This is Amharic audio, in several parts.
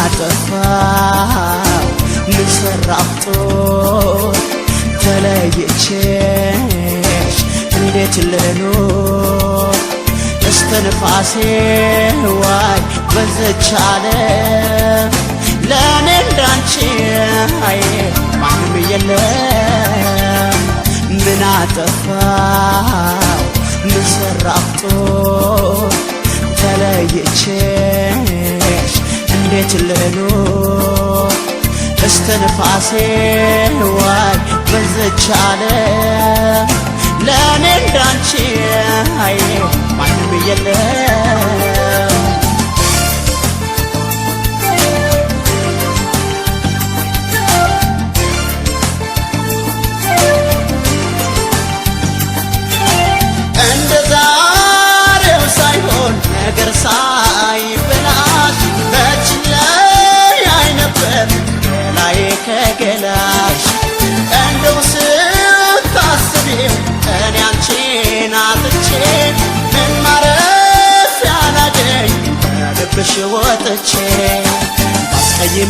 አጠፋው ምን ተለየቼሽ እንዴት እስከ ዋይ በዘች ለእኔ እንዳንቺ ማንም የለም ምን አጠፋው ተለየቼ ችልህ ኖር እስተ ንፋሴ ዋይ በዘች ለእኔ እንዳንቺ አይኔ ማንም የለም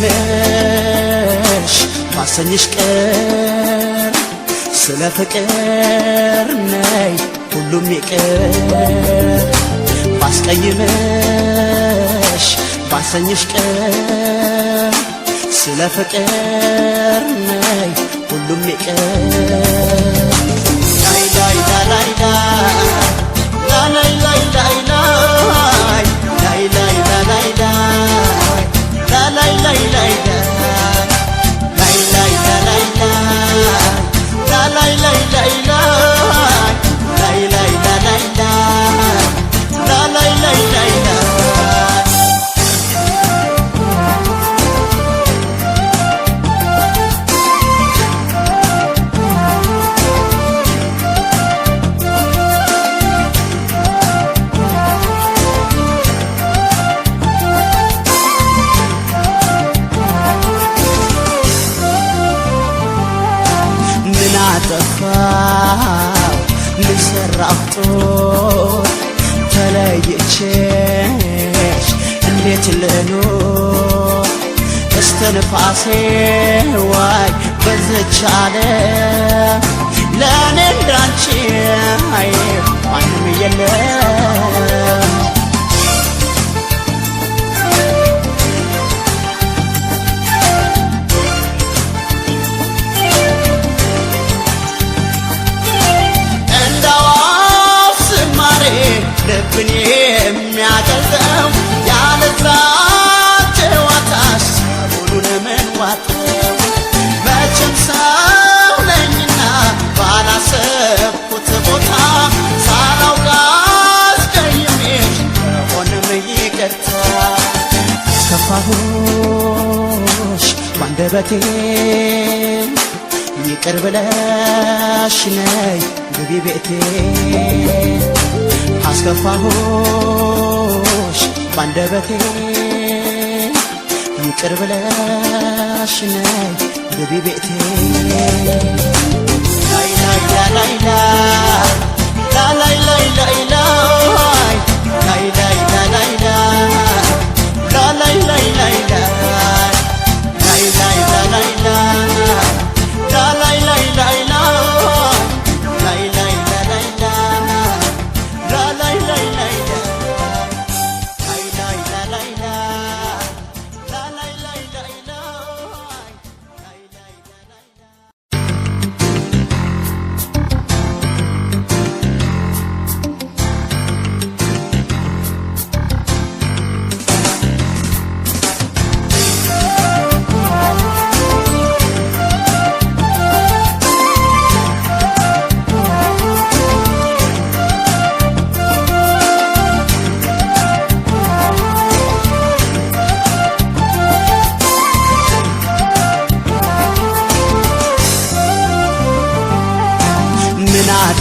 ነሽ ማሰኝሽ ቀር ስለ ፍቅር ናይ ሁሉም ይቅር ባስቀይምሽ ባሰኝሽ ቀር ስለ ፍቅር ናይ ሁሉም ላይ ላይ ላይ ላይ ላይ ላይ ላይ ላይ ጦር እንዴት ልኑር እስትንፋሴ ዋይ በዝች ዓለም ለእኔ እንዳንቺ አይ ማንም የለም ልብን የሚያቀዘው ያለዛቸው አታስ ሁሉን መንዋጠው መቼም ሰው ነኝና ባላሰብኩት ቦታ ሳላውቅ አስቀይሜሽ ሆንም ይቅርታ አስከፋሁሽ ባንደበቴ ይቅር ብለሽ ነይ ግቢ ቤቴ አስከፋሆሽ ባንደበቴ ይቅር ብለሽ ነይ ግቢ ቤቴ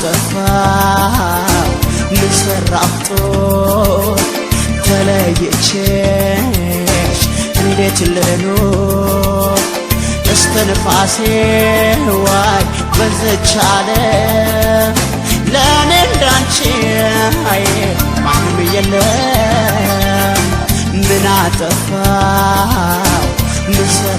ባጠፋው ልሰራፍቶ ተለይቼሽ እንዴት ልኑር እስትንፋሴ ዋይ በዘች ለእኔ እንዳንቺ ማንም የለም ምን አጠፋው